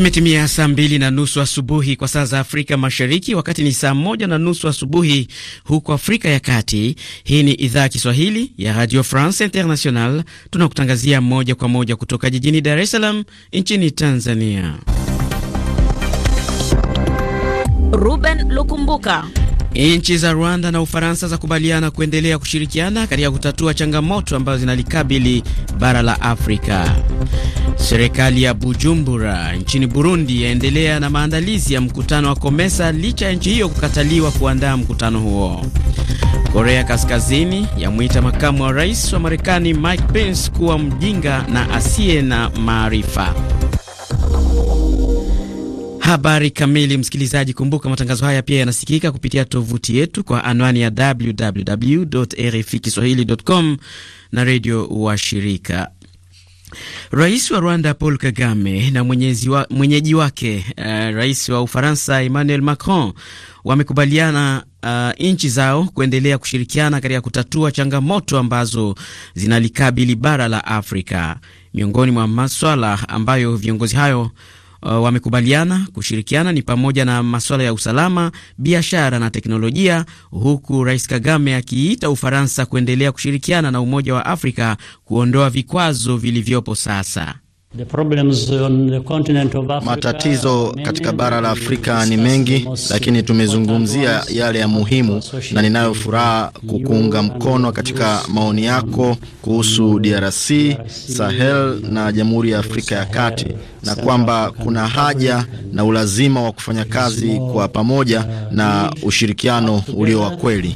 Imetimia saa mbili na nusu asubuhi kwa saa za Afrika Mashariki, wakati ni saa moja na nusu asubuhi huko Afrika ya Kati. Hii ni idhaa ya Kiswahili ya Radio France International, tunakutangazia moja kwa moja kutoka jijini Dar es Salaam nchini Tanzania. Ruben Lukumbuka Nchi za Rwanda na Ufaransa zakubaliana kuendelea kushirikiana katika kutatua changamoto ambazo zinalikabili bara la Afrika. Serikali ya Bujumbura nchini Burundi yaendelea na maandalizi ya mkutano wa Komesa licha ya nchi hiyo kukataliwa kuandaa mkutano huo. Korea Kaskazini yamwita makamu wa rais wa Marekani Mike Pence kuwa mjinga na asiye na maarifa. Habari kamili, msikilizaji, kumbuka matangazo haya pia yanasikika kupitia tovuti yetu kwa anwani ya www RFI kiswahilicom na redio wa shirika. Rais wa Rwanda Paul Kagame na wa, mwenyeji wake uh, rais wa Ufaransa Emmanuel Macron wamekubaliana uh, nchi zao kuendelea kushirikiana katika kutatua changamoto ambazo zinalikabili bara la Afrika. Miongoni mwa maswala ambayo viongozi hayo uh, wamekubaliana kushirikiana ni pamoja na masuala ya usalama, biashara na teknolojia, huku Rais Kagame akiita Ufaransa kuendelea kushirikiana na Umoja wa Afrika kuondoa vikwazo vilivyopo sasa. The problems on the continent of Africa, matatizo katika bara la Afrika ni mengi, lakini tumezungumzia yale ya muhimu, na ninayo furaha kukuunga mkono katika maoni yako kuhusu DRC, Sahel na Jamhuri ya Afrika ya Kati, na kwamba kuna haja na ulazima wa kufanya kazi kwa pamoja na ushirikiano ulio wa kweli.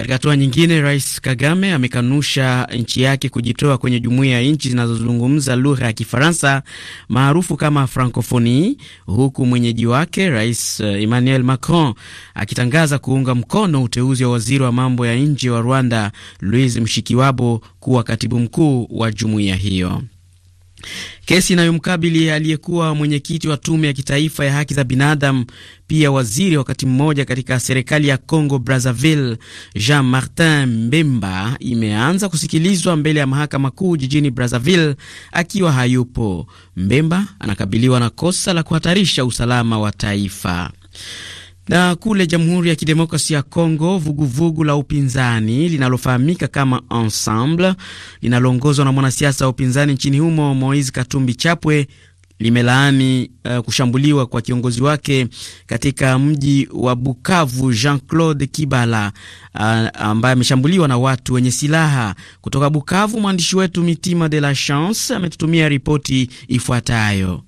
Katika hatua nyingine, Rais Kagame amekanusha nchi yake kujitoa kwenye jumuiya ya nchi zinazozungumza lugha ya Kifaransa maarufu kama Francophonie, huku mwenyeji wake Rais eh, Emmanuel Macron akitangaza kuunga mkono uteuzi wa waziri wa mambo ya nje wa Rwanda Louise Mushikiwabo kuwa katibu mkuu wa jumuiya hiyo. Kesi inayomkabili aliyekuwa mwenyekiti wa tume ya kitaifa ya haki za binadamu, pia waziri wakati mmoja katika serikali ya Congo Brazzaville, Jean Martin Mbemba, imeanza kusikilizwa mbele ya mahakama kuu jijini Brazzaville akiwa hayupo. Mbemba anakabiliwa na kosa la kuhatarisha usalama wa taifa. Na kule Jamhuri ya Kidemokrasia ya Kongo, vuguvugu la upinzani linalofahamika kama Ensemble linaloongozwa na mwanasiasa wa upinzani nchini humo Moise Katumbi Chapwe limelaani uh, kushambuliwa kwa kiongozi wake katika mji wa Bukavu Jean-Claude Kibala uh, ambaye ameshambuliwa na watu wenye silaha. Kutoka Bukavu, mwandishi wetu Mitima de la Chance ametutumia ripoti ifuatayo.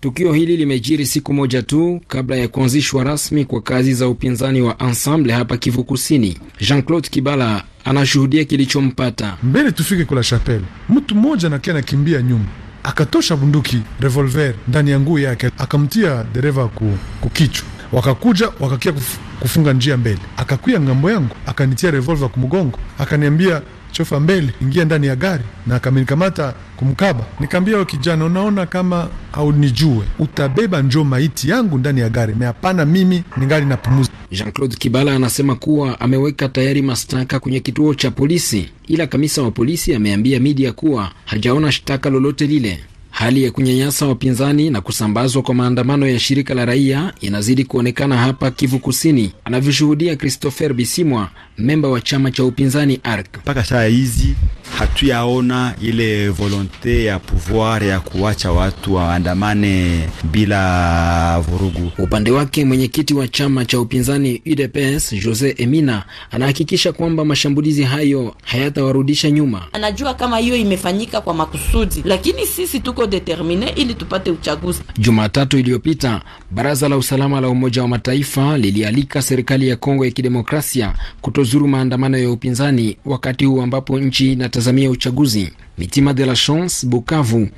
Tukio hili limejiri siku moja tu kabla ya kuanzishwa rasmi kwa kazi za upinzani wa Ensemble hapa Kivu Kusini. Jean-Claude Kibala anashuhudia kilichompata mbele. Tufike kula chapelle, mtu mmoja nakia nakimbia nyuma akatosha bunduki revolver ndani ya nguo yake akamtia dereva ku, kukichwa. Wakakuja wakakia kufunga njia mbele, akakuya ngambo yangu akanitia revolver kumgongo, akaniambia chofa mbele, ingia ndani ya gari, na akamenikamata kumkaba. Nikaambia kijana, unaona kama haunijue utabeba njoo maiti yangu ndani ya gari, na mimi ningali napumuza. Jean-Claude Kibala anasema kuwa ameweka tayari mashtaka kwenye kituo cha polisi, ila kamisa wa polisi ameambia media kuwa hajaona shtaka lolote lile. Hali ya kunyanyasa wapinzani na kusambazwa kwa maandamano ya shirika la raia inazidi kuonekana hapa Kivu Kusini, anavyoshuhudia Christopher Bisimwa memba wa chama cha upinzani ARC. Mpaka saa hizi hatuyaona ile volonte ya pouvoir ya kuwacha watu waandamane bila vurugu. Upande wake mwenyekiti wa chama cha upinzani UDPS Jose Emina anahakikisha kwamba mashambulizi hayo hayatawarudisha nyuma. Anajua kama hiyo imefanyika kwa makusudi, lakini sisi tuko determine ili tupate uchaguzi. Jumatatu iliyopita baraza la usalama la Umoja wa Mataifa lilialika serikali ya Kongo ya Kidemokrasia kuto kuzuru maandamano ya upinzani wakati huu ambapo nchi inatazamia uchaguzi. Mitima de la Chance, Bukavu,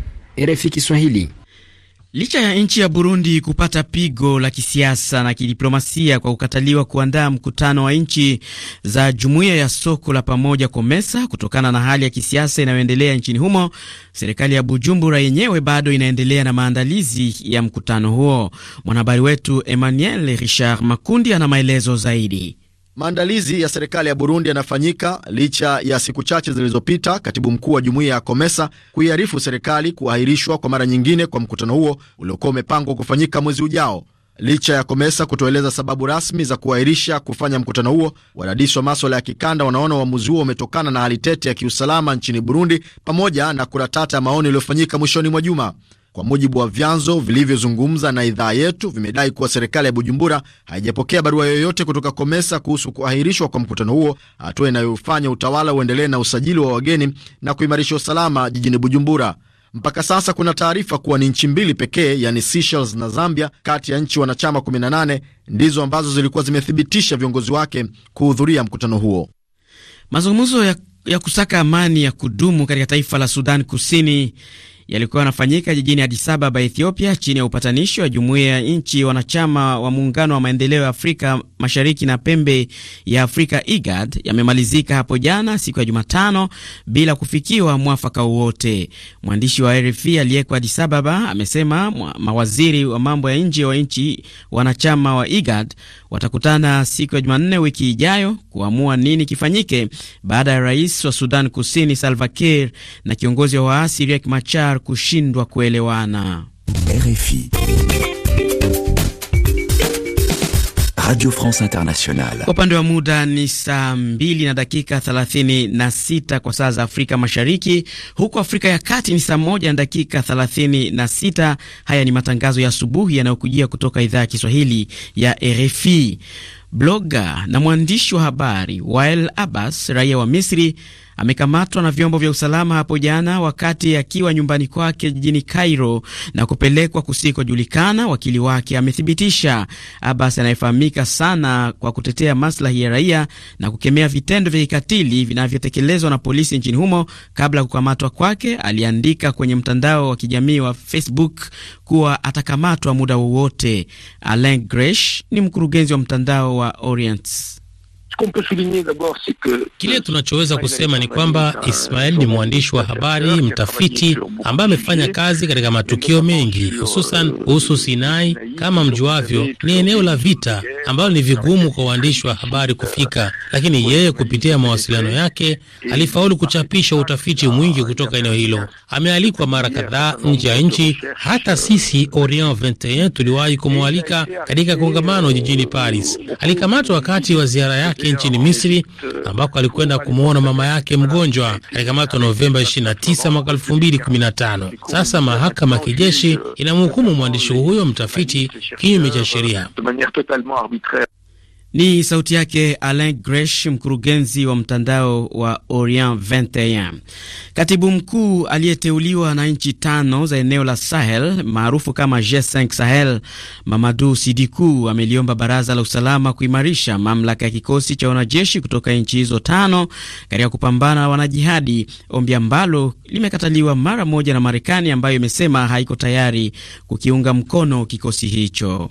RFI Kiswahili. Licha ya nchi ya Burundi kupata pigo la kisiasa na kidiplomasia kwa kukataliwa kuandaa mkutano wa nchi za jumuiya ya soko la pamoja COMESA kutokana na hali ya kisiasa inayoendelea nchini humo, serikali ya Bujumbura yenyewe bado inaendelea na maandalizi ya mkutano huo. Mwanahabari wetu Emmanuel Richard Makundi ana maelezo zaidi. Maandalizi ya serikali ya Burundi yanafanyika licha ya siku chache zilizopita katibu mkuu wa jumuiya ya Komesa kuiarifu serikali kuahirishwa kwa mara nyingine kwa mkutano huo uliokuwa umepangwa kufanyika mwezi ujao. Licha ya Komesa kutoeleza sababu rasmi za kuahirisha kufanya mkutano huo, wadadisi wa maswala ya kikanda wanaona uamuzi huo umetokana na hali tete ya kiusalama nchini Burundi pamoja na kuratata ya maoni iliyofanyika mwishoni mwa juma. Kwa mujibu wa vyanzo vilivyozungumza na idhaa yetu, vimedai kuwa serikali ya Bujumbura haijapokea barua yoyote kutoka Komesa kuhusu kuahirishwa kwa mkutano huo, hatua inayofanya utawala uendelee na usajili wa wageni na kuimarisha usalama jijini Bujumbura. Mpaka sasa kuna taarifa kuwa ni nchi mbili pekee, yani Seychelles na Zambia, kati ya nchi wanachama 18 ndizo ambazo zilikuwa zimethibitisha viongozi wake kuhudhuria mkutano huo. Mazungumzo ya, ya kusaka amani ya kudumu katika taifa la Sudan Kusini yalikuwa yanafanyika jijini Addis Ababa, Ethiopia, chini ya upatanishi wa jumuiya ya nchi wanachama wa muungano wa maendeleo ya Afrika Mashariki na pembe ya Afrika, IGAD, yamemalizika hapo jana siku ya Jumatano bila kufikiwa mwafaka wowote. Mwandishi wa RFI aliyeko Addis Ababa amesema mawaziri wa mambo ya nje wa nchi wanachama wa IGAD watakutana siku ya Jumanne wiki ijayo kuamua nini kifanyike baada ya rais wa Sudan Kusini Salva Kiir na kiongozi wa waasi Riek Machar kushindwa kuelewana. RFI. Radio France Internationale. Kwa upande wa muda ni saa 2 na dakika 36 kwa saa za Afrika Mashariki, huku Afrika ya Kati ni saa 1 na dakika 36. Haya ni matangazo ya asubuhi yanayokujia kutoka idhaa ya Kiswahili ya RFI. Bloga na mwandishi wa habari Wael Abbas, raia wa Misri, amekamatwa na vyombo vya usalama hapo jana wakati akiwa nyumbani kwake jijini Cairo na kupelekwa kusikojulikana, wakili wake amethibitisha. Abbas anayefahamika sana kwa kutetea maslahi ya raia na kukemea vitendo vya kikatili vinavyotekelezwa na polisi nchini humo, kabla ya kukamatwa kwake, aliandika kwenye mtandao wa kijamii wa Facebook kuwa atakamatwa muda wowote. Alain Gresh ni mkurugenzi wa mtandao wa Orient Kile euh, tunachoweza kusema ni kwamba Ismael ni mwandishi wa habari, mtafiti ambaye amefanya kazi katika matukio mengi, hususan uh, kuhusu Sinai. Kama mjuavyo, ni eneo la vita ambalo ni vigumu kwa waandishi wa habari uh, kufika, lakini yeye kupitia mawasiliano yake alifaulu kuchapisha utafiti mwingi kutoka eneo hilo. Amealikwa mara kadhaa nje ya nchi. Hata sisi Orient 21 tuliwahi kumwalika katika kongamano jijini Paris. Alikamatwa wakati wa ziara yake Marekani nchini Misri ambako alikwenda kumwona mama yake mgonjwa alikamatwa Novemba 29 mwaka 2015. Sasa mahakama ya kijeshi inamhukumu mwandishi huyo mtafiti kinyume cha sheria. Ni sauti yake Alain Gresh, mkurugenzi wa mtandao wa Orient 21. Katibu mkuu aliyeteuliwa na nchi tano za eneo la Sahel maarufu kama G5 Sahel, Mamadu Sidiku ameliomba baraza la usalama kuimarisha mamlaka ya kikosi cha wanajeshi kutoka nchi hizo tano katika kupambana na wanajihadi, ombi ambalo limekataliwa mara moja na Marekani ambayo imesema haiko tayari kukiunga mkono kikosi hicho.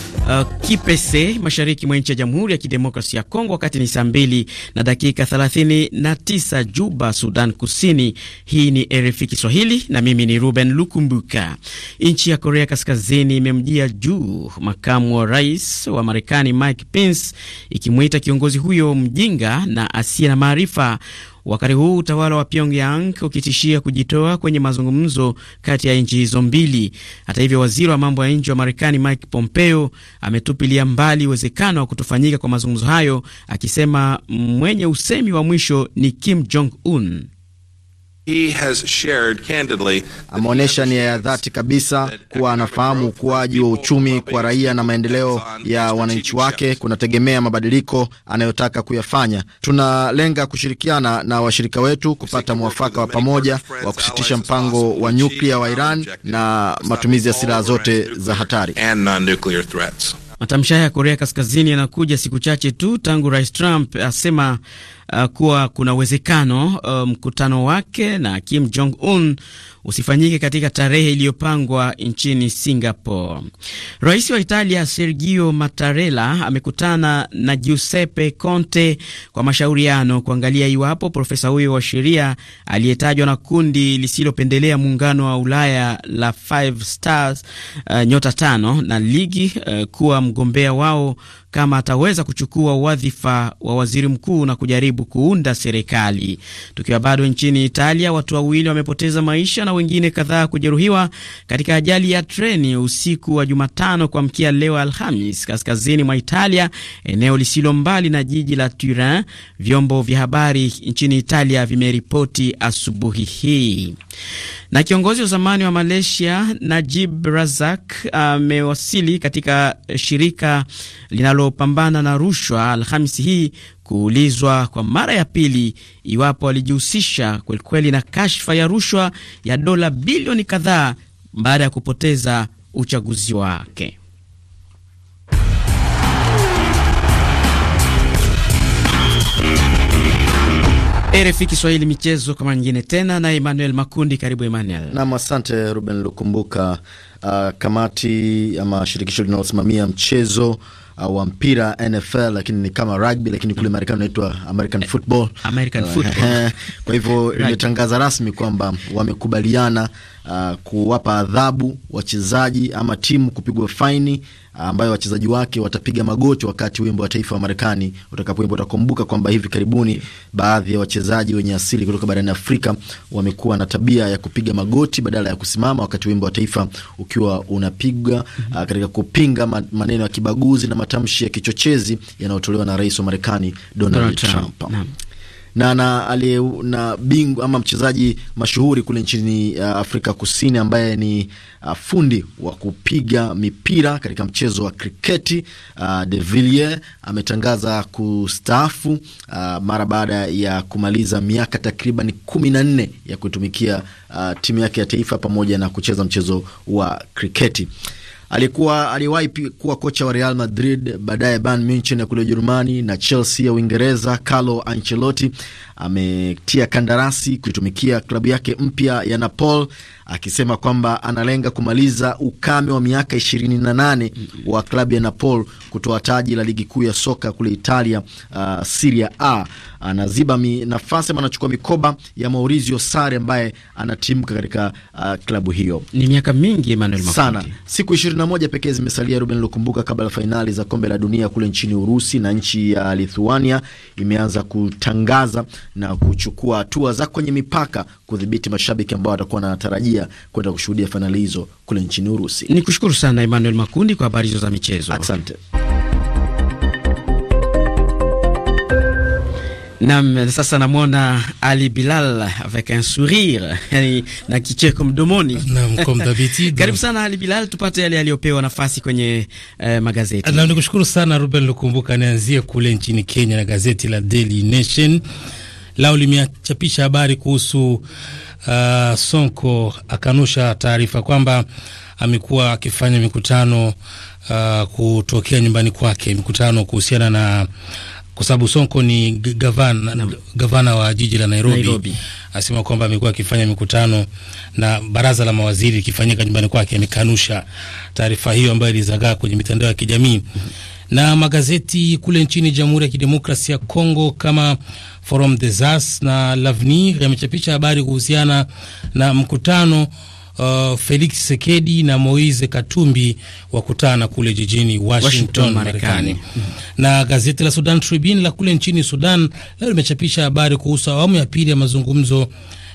uh, Kipese mashariki mwa nchi ya Jamhuri ya Kidemokrasia ya Kongo, wakati ni saa mbili na dakika 39 Juba, Sudan Kusini. Hii ni RFI Kiswahili na mimi ni Ruben Lukumbuka. Nchi ya Korea Kaskazini imemjia juu makamu wa rais wa Marekani Mike Pence, ikimwita kiongozi huyo mjinga na asiye na maarifa wakati huu utawala wa Pyongyang ukitishia kujitoa kwenye mazungumzo kati ya nchi hizo mbili. Hata hivyo, waziri wa mambo ya nje wa Marekani Mike Pompeo ametupilia mbali uwezekano wa kutofanyika kwa mazungumzo hayo, akisema mwenye usemi wa mwisho ni Kim Jong Un. Ameonyesha nia ya dhati kabisa kuwa anafahamu ukuaji wa uchumi kwa raia na maendeleo ya wananchi wake kunategemea mabadiliko anayotaka kuyafanya. Tunalenga kushirikiana na washirika wetu kupata mwafaka wa pamoja wa kusitisha mpango wa nyuklia wa Iran na matumizi ya silaha zote za hatari. Matamshi haya ya Korea Kaskazini yanakuja siku chache tu tangu Rais Trump asema uh, kuwa kuna uwezekano uh, mkutano um, wake na Kim Jong Un usifanyike katika tarehe iliyopangwa nchini Singapore. Rais wa Italia Sergio Mattarella amekutana na Giuseppe Conte kwa mashauriano kuangalia iwapo profesa huyo wa sheria aliyetajwa na kundi lisilopendelea muungano wa Ulaya la Five Stars, uh, nyota tano na ligi uh, kuwa mgombea wao kama ataweza kuchukua wadhifa wa waziri mkuu na kujaribu kuunda serikali. Tukiwa bado nchini Italia, watu wawili wamepoteza maisha na wengine kadhaa kujeruhiwa katika ajali ya treni usiku wa Jumatano kuamkia leo Alhamis, kaskazini mwa Italia, eneo lisilo mbali na jiji la Turin, vyombo vya habari nchini Italia vimeripoti asubuhi hii. Na kiongozi wa zamani wa Malaysia Najib Razak amewasili katika shirika linalo linalopambana na rushwa Alhamisi hii kuulizwa kwa mara ya pili iwapo walijihusisha kwelikweli na kashfa ya rushwa ya dola bilioni kadhaa baada ya kupoteza uchaguzi wake. RFI Kiswahili michezo kama nyingine tena na Emmanuel Makundi. Karibu Emmanuel. Nam, asante Ruben Lukumbuka. Uh, kamati ama shirikisho linalosimamia mchezo wa mpira NFL, lakini ni kama rugby, lakini kule Marekani inaitwa American football, American football. Kwa hivyo imetangaza rasmi kwamba wamekubaliana uh, kuwapa adhabu wachezaji ama timu kupigwa faini uh, ambayo wachezaji wake watapiga magoti wakati wimbo wa taifa wa Marekani utakapoimbwa. Utakumbuka kwamba hivi karibuni baadhi ya wachezaji wenye asili kutoka barani Afrika wamekuwa na tabia ya kupiga magoti badala ya kusimama wakati wimbo wa taifa ukiwa unapigwa, uh, katika kupinga maneno ya kibaguzi na matamshi ya kichochezi yanayotolewa na rais wa Marekani Donald Trump. Trump na na, alie, na bingu ama mchezaji mashuhuri kule nchini uh, Afrika Kusini ambaye ni uh, fundi wa kupiga mipira katika mchezo wa kriketi uh, De Villiers ametangaza kustaafu uh, mara baada ya kumaliza miaka takriban kumi na nne ya kuitumikia uh, timu yake ya taifa pamoja na kucheza mchezo wa kriketi. Alikuwa aliwahi kuwa kocha wa Real Madrid, baadaye Bayern Munich ya kule Ujerumani na Chelsea ya Uingereza. Carlo Ancelotti ametia kandarasi kuitumikia klabu yake mpya ya Napoli, akisema kwamba analenga kumaliza ukame wa miaka 28 wa klabu ya Napoli kutoa taji la ligi kuu ya soka kule Italia, uh, Serie A. Anaziba nafasi ama anachukua mikoba ya Maurizio Sarri ambaye anatimka katika uh, klabu hiyo. Ni miaka mingi Emmanuel Makundi. sana siku moja pekee zimesalia Ruben Lukumbuka kabla fainali za kombe la dunia kule nchini Urusi, na nchi ya Lithuania imeanza kutangaza na kuchukua hatua za kwenye mipaka kudhibiti mashabiki ambao watakuwa wanatarajia kwenda kushuhudia fainali hizo kule nchini Urusi. Ni kushukuru sana Emmanuel Makundi kwa habari hizo za michezo, asante. Nam, sasa namwona Ali Bilal avec un sourire yani na kicheko mdomoni. Nam, comme d'habitude. Karibu sana Ali Bilal, tupate yale aliyopewa nafasi kwenye eh, magazeti. Ah, Naam, nikushukuru sana Ruben Lukumbuka. Nianzie kule nchini Kenya na gazeti la Daily Nation lao limechapisha habari kuhusu uh, Sonko akanusha taarifa kwamba amekuwa akifanya mikutano uh, kutokea nyumbani kwake, mikutano kuhusiana na kwa sababu Sonko ni gavana, gavana wa jiji la Nairobi, Nairobi. Asema kwamba amekuwa akifanya mikutano na baraza la mawaziri ikifanyika nyumbani kwake. Amekanusha taarifa hiyo ambayo ilizagaa kwenye mitandao ya kijamii mm -hmm. na magazeti kule nchini Jamhuri ya Kidemokrasia ya Kongo kama Forum des As na L'Avenir yamechapisha habari kuhusiana na mkutano uh, Felix Sekedi na Moise Katumbi wakutana kule jijini Washington, Washington Marekani. Mm. Na gazeti la Sudan Tribune la kule nchini Sudan leo limechapisha habari kuhusu awamu ya pili ya mazungumzo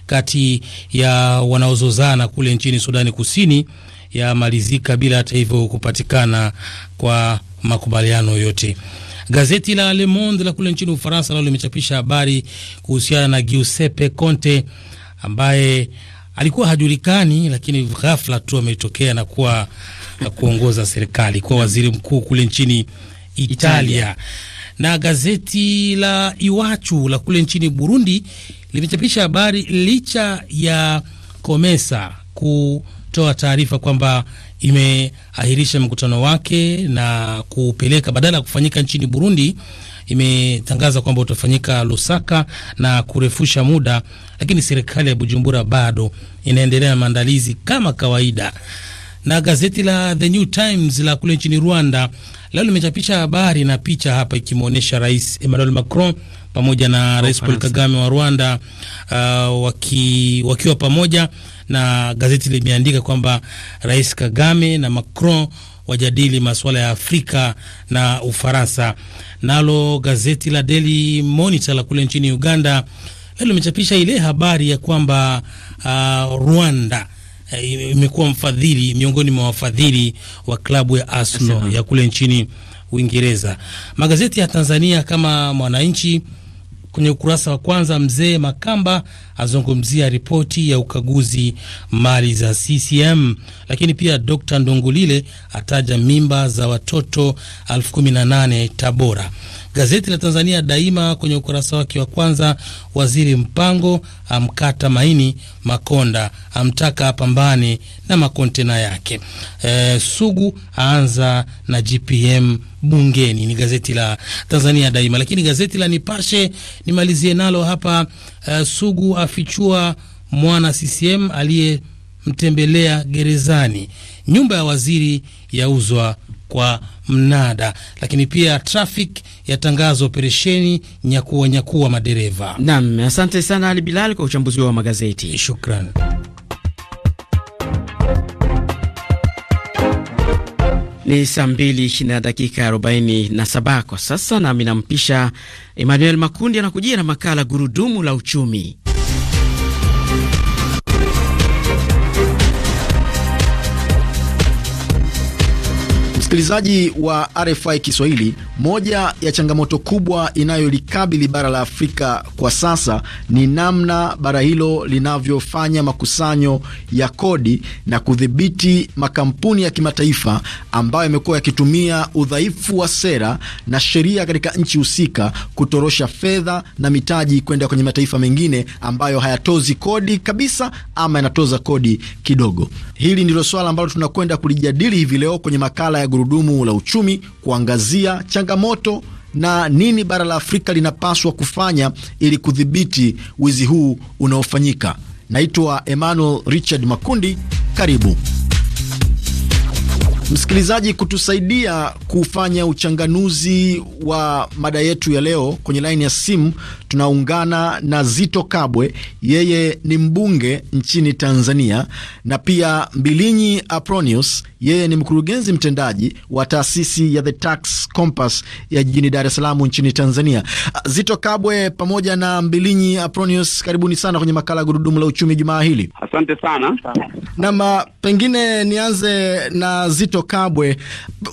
kati ya wanaozozana kule nchini Sudani Kusini yamalizika bila hata hivyo kupatikana kwa makubaliano yote Gazeti la Le Monde la kule nchini Ufaransa nalo limechapisha habari kuhusiana na Giuseppe Conte ambaye alikuwa hajulikani, lakini ghafla tu ametokea na kuwa na kuongoza serikali, kwa waziri mkuu kule nchini Italia. Italia. Na gazeti la Iwachu la kule nchini Burundi limechapisha habari licha ya Komesa ku imetoa taarifa kwamba imeahirisha mkutano wake na kupeleka badala ya kufanyika nchini Burundi, imetangaza kwamba utafanyika Lusaka na kurefusha muda, lakini serikali ya Bujumbura bado inaendelea na maandalizi kama kawaida. Na gazeti la The New Times la kule nchini Rwanda leo limechapisha habari na picha hapa ikimwonyesha Rais Emmanuel Macron pamoja na Rais Paul Kagame wa Rwanda uh, waki, wakiwa pamoja na gazeti limeandika kwamba Rais Kagame na Macron wajadili masuala ya Afrika na Ufaransa. Nalo gazeti la Daily Monitor la kule nchini Uganda leo limechapisha ile habari ya kwamba uh, Rwanda eh, imekuwa mfadhili miongoni mwa wafadhili wa klabu ya Arsenal ya kule nchini Uingereza. Magazeti ya Tanzania kama Mwananchi Kwenye ukurasa wa kwanza, mzee Makamba azungumzia ripoti ya ukaguzi mali za CCM, lakini pia Dr Ndungulile ataja mimba za watoto elfu kumi na nane Tabora. Gazeti la Tanzania Daima kwenye ukurasa wake wa kwanza, waziri Mpango amkata maini Makonda, amtaka apambane na makontena yake. E, Sugu aanza na GPM bungeni. Ni gazeti la Tanzania Daima, lakini gazeti la Nipashe nimalizie nalo hapa. E, Sugu afichua mwana CCM aliyemtembelea gerezani, nyumba ya waziri yauzwa kwa mnada, lakini pia traffic yatangaza operesheni nyakuwa nyakuwa madereva. Naam, asante sana Ali Bilal kwa uchambuzi wa magazeti. Shukran. Ni saa mbili na dakika 47 kwa sasa, nami nampisha Emmanuel Makundi anakujia na makala Gurudumu la Uchumi. Msikilizaji wa RFI Kiswahili, moja ya changamoto kubwa inayolikabili bara la Afrika kwa sasa ni namna bara hilo linavyofanya makusanyo ya kodi na kudhibiti makampuni ya kimataifa ambayo yamekuwa yakitumia udhaifu wa sera na sheria katika nchi husika kutorosha fedha na mitaji kwenda kwenye mataifa mengine ambayo hayatozi kodi kabisa ama yanatoza kodi kidogo. Hili ndilo swala ambalo tunakwenda kulijadili hivi leo kwenye makala ya Gurudumu la Uchumi kuangazia changamoto na nini bara la Afrika linapaswa kufanya ili kudhibiti wizi huu unaofanyika. Naitwa Emmanuel Richard Makundi. Karibu msikilizaji, kutusaidia kufanya uchanganuzi wa mada yetu ya leo. Kwenye laini ya simu tunaungana na Zito Kabwe, yeye ni mbunge nchini Tanzania, na pia Mbilinyi Apronius, yeye ni mkurugenzi mtendaji wa taasisi ya The Tax Compass ya jijini Dar es Salaam nchini Tanzania. Zito Kabwe pamoja na Mbilinyi Apronius, karibuni sana kwenye makala ya Gurudumu la Uchumi jumaa hili. Asante sana. Nam, ah, pengine nianze na Zito Kabwe,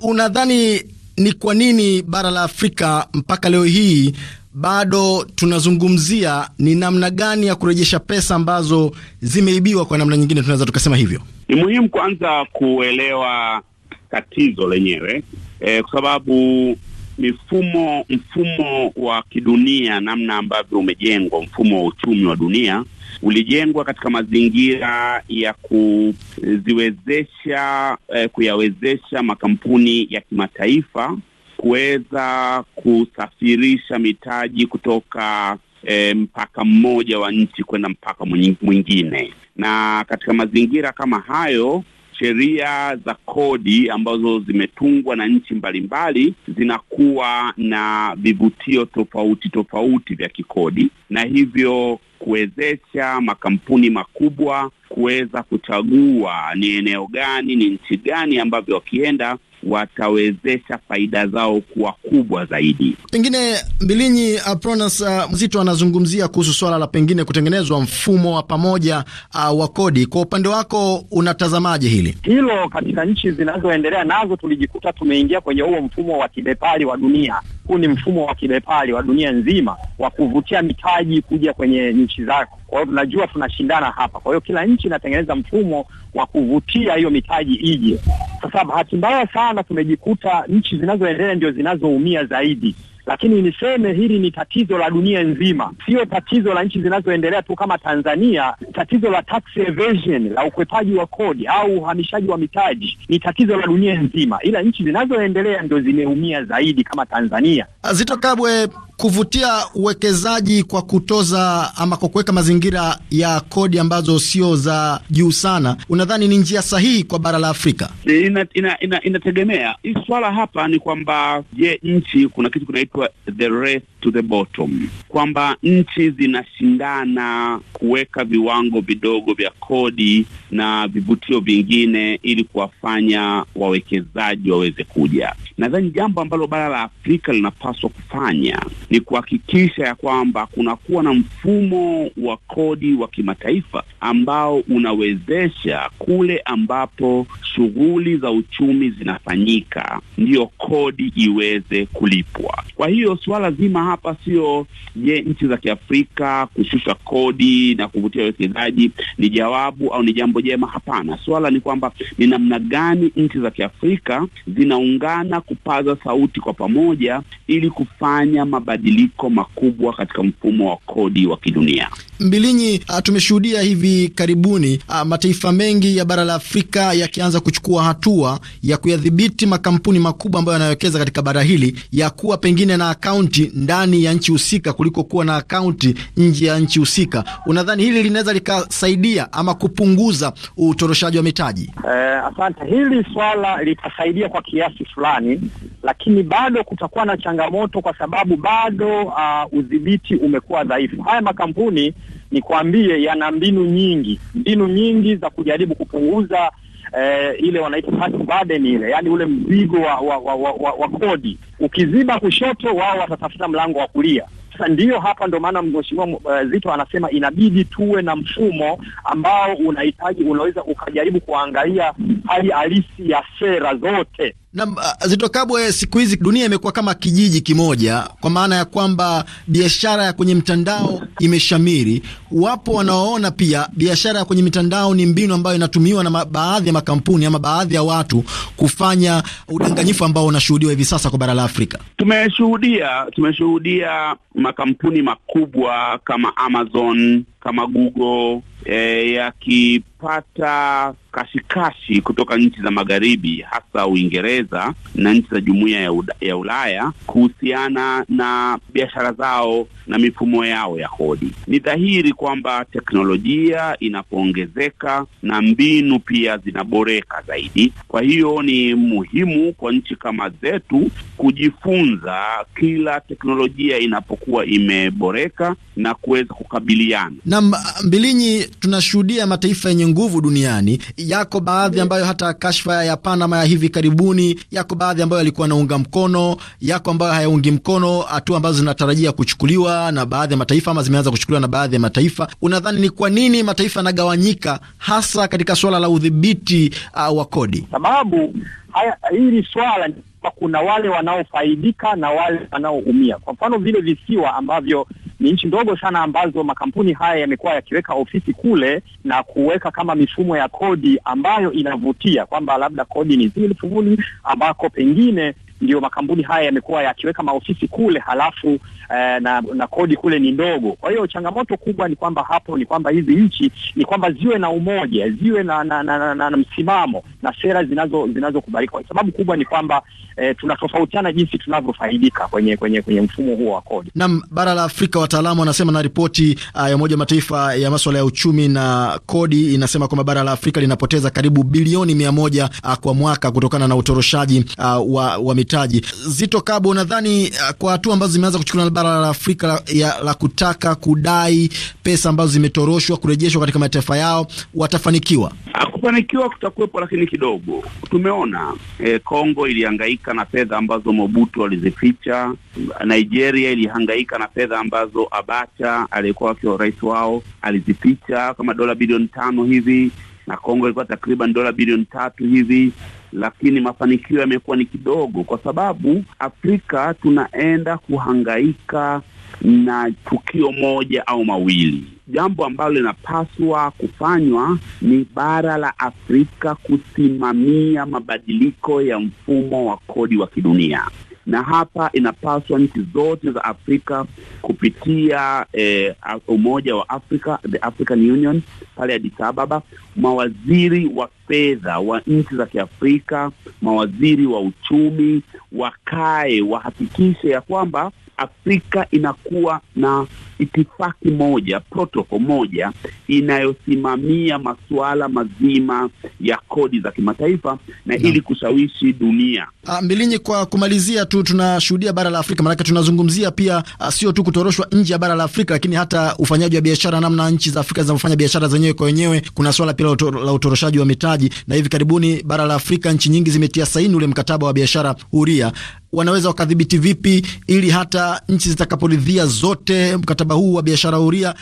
unadhani ni kwa nini bara la Afrika mpaka leo hii bado tunazungumzia ni namna gani ya kurejesha pesa ambazo zimeibiwa kwa namna nyingine, tunaweza tukasema hivyo. Ni muhimu kwanza kuelewa tatizo lenyewe e, kwa sababu mifumo mfumo wa kidunia namna ambavyo umejengwa, mfumo wa uchumi wa dunia ulijengwa katika mazingira ya kuziwezesha eh, kuyawezesha makampuni ya kimataifa kuweza kusafirisha mitaji kutoka E, mpaka mmoja wa nchi kwenda mpaka mwingine. Na katika mazingira kama hayo, sheria za kodi ambazo zimetungwa na nchi mbalimbali zinakuwa na vivutio tofauti tofauti vya kikodi, na hivyo kuwezesha makampuni makubwa kuweza kuchagua ni eneo gani, ni nchi gani ambavyo wakienda watawezesha faida zao kuwa kubwa zaidi. Pengine Mbilinyi Apronas uh, uh, Mzito anazungumzia kuhusu swala la pengine kutengenezwa mfumo wa pamoja uh, wa kodi. Kwa upande wako unatazamaje hili hilo? Katika nchi zinazoendelea nazo tulijikuta tumeingia kwenye huo mfumo wa kibepari wa dunia huu ni mfumo wa kibepari wa dunia nzima wa kuvutia mitaji kuja kwenye nchi zako. Kwa hiyo tunajua tunashindana hapa, kwa hiyo kila nchi inatengeneza mfumo wa kuvutia hiyo mitaji ije. Sasa bahati mbaya sana tumejikuta nchi zinazoendelea ndio zinazoumia zaidi lakini niseme hili ni tatizo la dunia nzima, sio tatizo la nchi zinazoendelea tu kama Tanzania. Tatizo la tax evasion, la ukwepaji wa kodi au uhamishaji wa mitaji ni tatizo la dunia nzima, ila nchi zinazoendelea ndio zimeumia zaidi kama Tanzania. Zito Kabwe, kuvutia uwekezaji kwa kutoza ama kwa kuweka mazingira ya kodi ambazo sio za juu sana, unadhani ni njia sahihi kwa bara la Afrika? Inategemea ina, ina hii swala hapa ni kwamba, je, nchi kuna kitu kinaitwa the race to the bottom, kwamba nchi zinashindana kuweka viwango vidogo vya kodi na vivutio vingine ili kuwafanya wawekezaji waweze kuja. Nadhani jambo ambalo bara la Afrika linapaswa kufanya ni kuhakikisha ya kwamba kunakuwa na mfumo wa kodi wa kimataifa ambao unawezesha kule ambapo shughuli za uchumi zinafanyika ndiyo kodi iweze kulipwa. Kwa hiyo suala zima hapa sio je, nchi za Kiafrika kushusha kodi na kuvutia wawekezaji ni jawabu au ni jambo jema? Hapana, suala ni kwamba ni namna gani nchi za Kiafrika zinaungana kupaza sauti kwa pamoja ili kufanya mabadiliko mabadiliko makubwa katika mfumo wa kodi wa kidunia. Mbilinyi, ah, tumeshuhudia hivi karibuni a, ah, mataifa mengi ya bara la Afrika yakianza kuchukua hatua ya kuyadhibiti makampuni makubwa ambayo yanayowekeza katika bara hili, ya kuwa pengine na akaunti ndani ya nchi husika kuliko kuwa na akaunti nje ya nchi husika. Unadhani hili linaweza likasaidia ama kupunguza utoroshaji wa mitaji? Eh, asante. Hili swala litasaidia kwa kiasi fulani lakini bado kutakuwa na changamoto kwa sababu bado uh, udhibiti umekuwa dhaifu. Haya makampuni ni kuambie yana mbinu nyingi, mbinu nyingi za kujaribu kupunguza eh, ile wanaita tax burden ile, yani ule mzigo wa, wa, wa, wa, wa, wa kodi. Ukiziba kushoto, wao watatafuta mlango wa kulia. Sasa ndiyo hapa ndo maana mheshimiwa uh, eh, Zito anasema inabidi tuwe na mfumo ambao unahitaji, unaweza ukajaribu kuangalia hali halisi ya sera zote na uh, Zito Kabwe, siku hizi dunia imekuwa kama kijiji kimoja, kwa maana ya kwamba biashara ya kwenye mtandao imeshamiri. Wapo wanaoona pia biashara ya kwenye mitandao ni mbinu ambayo inatumiwa na baadhi ya makampuni ama baadhi ya watu kufanya udanganyifu ambao unashuhudiwa hivi sasa kwa bara la Afrika. Tumeshuhudia tumeshuhudia makampuni makubwa kama Amazon kama Google e, yakipata kashikashi kutoka nchi za magharibi hasa Uingereza na nchi za jumuiya ya, ya Ulaya kuhusiana na biashara zao na mifumo yao ya kodi. Ni dhahiri kwamba teknolojia inapoongezeka na mbinu pia zinaboreka zaidi. Kwa hiyo ni muhimu kwa nchi kama zetu kujifunza kila teknolojia inapokuwa imeboreka na kuweza kukabiliana na Mbilinyi, tunashuhudia mataifa yenye nguvu duniani. Yako baadhi ambayo hata kashfa ya Panama ya hivi karibuni, yako baadhi ambayo yalikuwa naunga mkono, yako ambayo hayaungi mkono hatua ambazo zinatarajia kuchukuliwa na baadhi ya mataifa ama zimeanza kuchukuliwa na baadhi ya mataifa. Unadhani ni kwa nini mataifa yanagawanyika hasa katika suala la udhibiti uh, wa kodi? Sababu hili swala kuna wale wanaofaidika na wale wanaoumia. Kwa mfano vile visiwa ambavyo ni nchi ndogo sana ambazo makampuni haya yamekuwa yakiweka ofisi kule na kuweka kama mifumo ya kodi ambayo inavutia kwamba labda kodi ni zile fulani ambako pengine ndio makampuni haya yamekuwa yakiweka maofisi kule, halafu eh, na, na kodi kule ni ndogo. Kwa hiyo changamoto kubwa ni kwamba hapo ni kwamba hizi nchi ni kwamba ziwe na umoja, ziwe na, na, na, na, na, na msimamo na sera zinazo zinazokubalika. Sababu kubwa ni kwamba eh, tunatofautiana jinsi tunavyofaidika kwenye, kwenye, kwenye mfumo huo wa kodi. Naam, bara la Afrika wataalamu wanasema na ripoti uh, ya Umoja Mataifa ya masuala ya uchumi na kodi inasema kwamba bara la Afrika linapoteza karibu bilioni mia moja uh, kwa mwaka kutokana na utoroshaji uh, wa, wa mitaji. Zito Kabo, nadhani uh, kwa hatua ambazo zimeanza kuchukuliwa bara la Afrika la, ya, la kutaka kudai pesa ambazo zimetoroshwa kurejeshwa katika mataifa yao watafanikiwa? Kufanikiwa kutakuwepo, lakini kidogo. Tumeona e, Kongo ilihangaika na fedha ambazo Mobutu alizificha. Nigeria ilihangaika na fedha ambazo Abacha aliyekuwa wakiwa rais wao alizificha kama dola bilioni tano hivi na Kongo ilikuwa takriban dola bilioni tatu hivi, lakini mafanikio yamekuwa ni kidogo, kwa sababu Afrika tunaenda kuhangaika na tukio moja au mawili. Jambo ambalo linapaswa kufanywa ni bara la Afrika kusimamia mabadiliko ya mfumo wa kodi wa kidunia na hapa inapaswa nchi zote za Afrika kupitia eh, Umoja wa Afrika, the African Union pale Addis Ababa, mawaziri wa fedha wa nchi za Kiafrika, mawaziri wa uchumi wakae, wahakikishe ya kwamba Afrika inakuwa na itifaki moja, protoko moja inayosimamia masuala mazima ya kodi za kimataifa na ili kushawishi dunia. A, ah, Mbilinyi, kwa kumalizia tu, tunashuhudia bara la Afrika, maanake tunazungumzia pia ah, sio tu kutoroshwa nje ya bara la Afrika, lakini hata ufanyaji wa biashara, namna nchi za Afrika zinavyofanya biashara zenyewe kwa wenyewe. Kuna swala pia la utoroshaji wa mitaji, na hivi karibuni bara la Afrika nchi nyingi zimetia saini ule mkataba wa biashara huria wanaweza wakadhibiti vipi ili hata nchi zitakaporidhia zote mkataba huu wa biashara huria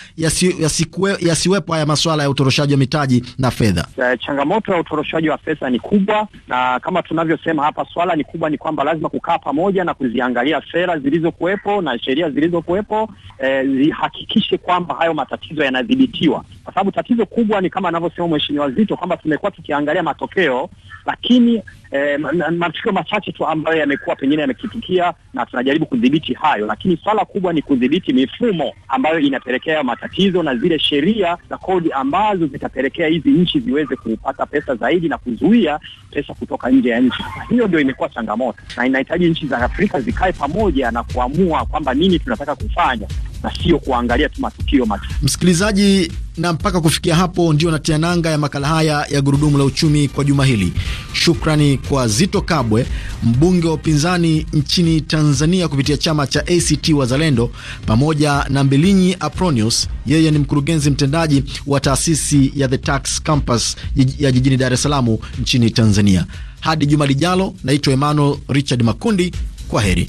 yasiwepo haya masuala ya utoroshaji wa mitaji na fedha? Eh, changamoto ya utoroshaji wa pesa ni kubwa, na kama tunavyosema hapa, swala ni kubwa, ni kwamba lazima kukaa pamoja na kuziangalia sera zilizokuwepo na sheria zilizokuwepo, e, zihakikishe kwamba hayo matatizo yanadhibitiwa, kwa sababu tatizo kubwa ni kama anavyosema Mheshimiwa Zito kwamba tumekuwa tukiangalia matokeo, lakini e, matukio machache tu ambayo yamekuwa pengine mengine yamekitukia, na tunajaribu kudhibiti hayo, lakini swala kubwa ni kudhibiti mifumo ambayo inapelekea matatizo na zile sheria za kodi ambazo zitapelekea hizi nchi ziweze kupata pesa zaidi na kuzuia pesa kutoka nje ya nchi. Hiyo ndio imekuwa changamoto, na inahitaji nchi za Afrika zikae pamoja na kuamua kwamba nini tunataka kufanya na sio kuangalia tu matukio matu. Msikilizaji na mpaka kufikia hapo ndio natia nanga ya makala haya ya gurudumu la uchumi kwa juma hili. Shukrani kwa Zito Kabwe, mbunge wa upinzani nchini Tanzania kupitia chama cha ACT Wazalendo, pamoja na Mbilinyi Apronius, yeye ni mkurugenzi mtendaji wa taasisi ya The Tax Campus ya jijini Dar es Salaam nchini Tanzania. Hadi juma lijalo, naitwa Emmanuel Richard Makundi. Kwa heri.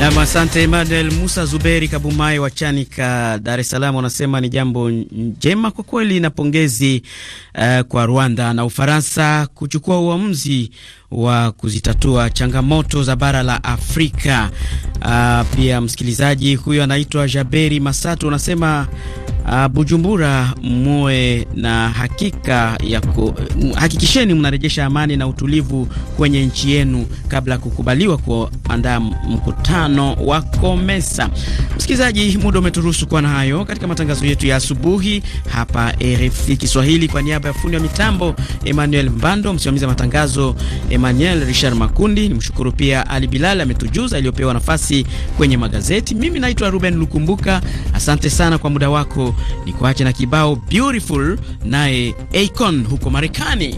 Nam, asante Emmanuel Musa. Zuberi Kabumai wa Chanika, Dar es Salaam, wanasema ni jambo njema kwa kweli na pongezi uh, kwa Rwanda na Ufaransa kuchukua uamuzi wa kuzitatua changamoto za bara la Afrika. Uh, pia msikilizaji huyo anaitwa Jaberi Masatu anasema uh, Bujumbura muwe na hakika ya hakikisheni mnarejesha amani na utulivu kwenye nchi yenu kabla ya kukubaliwa kuandaa mkutano wa COMESA. Msikilizaji, muda umeturuhusu kuwa na hayo katika matangazo yetu ya asubuhi hapa RFI Kiswahili. Kwa niaba ya fundi wa mitambo Emmanuel Mbando, msimamizi wa matangazo Emmanuel Richard Makundi, nimshukuru pia Ali Bilal ametujuza aliyopewa nafasi kwenye magazeti. Mimi naitwa Ruben Lukumbuka, asante sana kwa muda wako ni kuacha na kibao beautiful naye Akon huko Marekani.